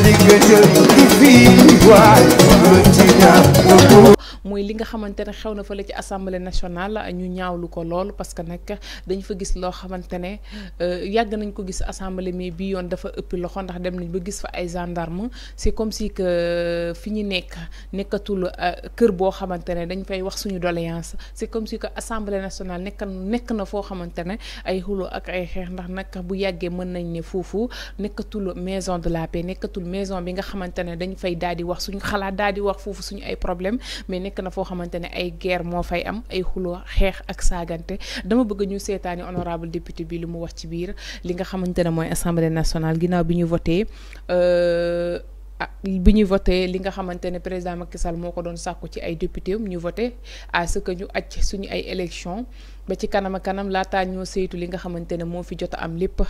Ndị ga-eche ndị fi igwe anyị Ụlọ ndị na mooy li nga xamante ne xew na fa la ci assemblée nationale ñu ñaawlu ko lool parce que nag dañ fa gis loo xamante ne euh, yàgg nañ ko gis assemblée mais bii yoon dafa ëppi loxo ndax dem nañ ba gis fa ay gendarme c'est comme si que euh, fi ñu nekk nekkatul euh, kër boo xamante ne dañ fay wax suñu doléance c'est comme si que assemblée nationale nekk nekk na foo xamante ne ay xuloo ak ay xeex ndax nag bu yàggee mën nañ ne foofu nekkatul maison de la paix nekkatul maison bi nga xamante ne dañ fay daal di wax suñu xalaat daal di wax foofu suñu ay problème mais nekk na foo xamante ne ay guerre moo fay am ay xuloo xeex ak saagante dama bëgg ñu seetaani honorable député bi lu mu wax ci biir li nga xamante ne mooy assemblée nationale ginnaaw bi ñu voté euh, ah, bi ñu voté li nga xamante ne président Macky Sall moo ko doon sàkku ci ay député am ñu voté à ce suñu ay élection ba ci kanam a laataa ñoo saytu li nga xamante ne moo fi jot am lépp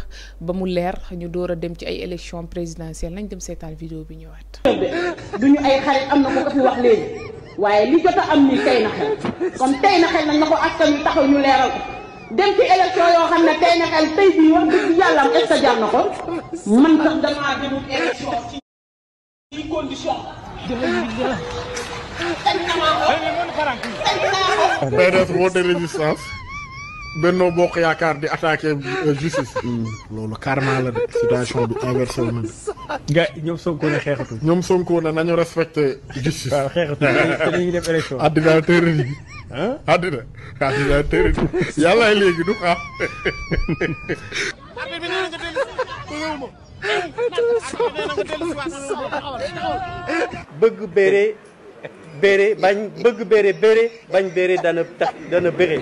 ba mu leer ñu door a dem ci ay élection présidentielle nañ dem seetaan vidéo bi ñëwaat. Ah, wax waaye li jot a am nii tey na xel kon tey na xel nag na ko askan wi taxaw ñu leeral ko dem ci élection yoo xam ne tey na xel tey bii wax dëgg yàlla am est jar na ko man sax damaa demul élection ci condition jërëjëf. sañ naa ko sañ naa ko. day def woote résistance. Benno Bokk Yaakaar di attaqué euh, justice. Hmm, loolu carrément la de situation bi inversé wu nga ñoom Sonko ne xeexatu. ñoom Sonko ne nañu respecté justice. waaw xeexatu te def élection. àddina yi. ah àddina àddina yi yàlla léegi du ah. bëgg béré béré bañ bëgg béré dana tax dana béré.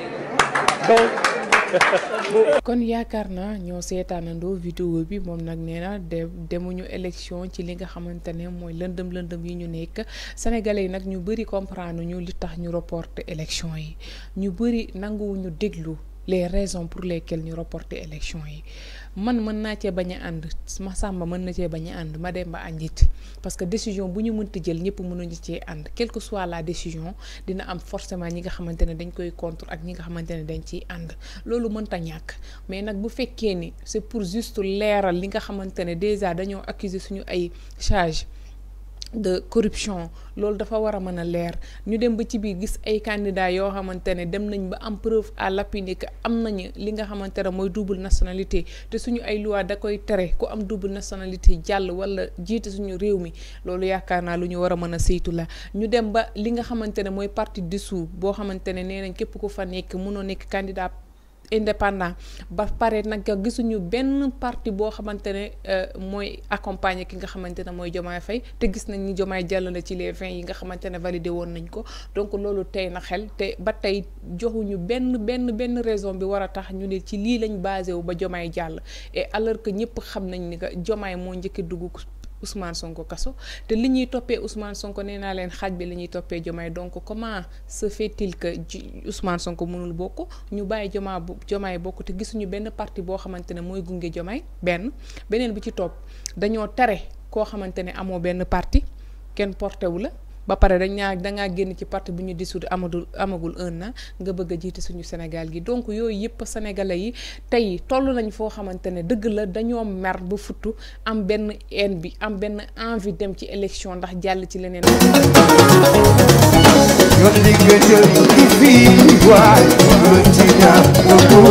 kon yaakaar na ñoo seetaanandoo vidéo bi moom nag nee na demuñu élection ci li nga xamante ne mooy lëndëm lëndëm yi ñu nekk sénégalais yi nag ñu bari comprendre ñu li tax ñu reporter élection yi ñu bari nanguwuñu déglu. les raisons pour lesquelles nous reporter élection yi man mën naa cee bañ a ma Samba mën na ci baña and ma dem ba àndit parce que décision buñu ñu mënti jël ñëpp mënuñu ci and quelle que soit la décision dina am forcément ñi nga xamantene dañ koy contre ak ñi nga xamantene dañ ci and lolu mënta ñak mais nak bu fekké ni c'est pour juste leeral li nga xamantene déjà dañoo accuser suñu ay charge de corruption loolu dafa war a mën a leer ñu dem ba ci biir gis ay candidats yoo xamante ne dem nañ ba am preuve à l'appui am nañu li nga xamante ne mooy double nationalité te suñu ay loi da koy tere ku am double nationalité jàll wala jiite suñu réew mi loolu yaakaar naa lu ñu war a mën a saytu la ñu dem ba li nga xamante ne mooy parti dissous boo xamante ne nee nañ képp ku fa nekk mënoo nekk candidat indépendant ba pare nag gisuñu benn parti boo xamante ne euh, mooy accompagner ki nga xamante ne mooy Diomaye Faye te gis nañ ni Diomaye jàll na ci les vingt yi nga xamante ne validé woon nañ ko donc loolu tey na xel te ba tey joxuñu benn benn benn raison bi war a tax ñu ne ci lii lañ basé wu ba Diomaye jàll et alors que ñëpp xam nañ ni que Diomaye moo njëkk dugg Ousmane Sonko kaso te li ñuy toppee Ousmane Sonko nee naa leen xaaj bi li ñuy toppee Diomaye donc comment se fait-il que Ousmane Sonko mënul bokk ñu bàyyi Diomaye Diomaye bokk te gisuñu benn parti boo xamante ne mooy gunge Diomaye benn beneen bi ci topp dañoo tare koo xamante ne amoo benn parti kenn porté la. ba pare dañ naa dangaa génn ci parti bu ñu dissoudre amadul amagul un an nga bëgg a jiite suñu Sénégal gi donc yooyu yëpp sénégalais yi tey toll nañ foo xamante ne dëgg la dañoo mer ba futtu am benn haine dem ci élection ndax jàll ci leneen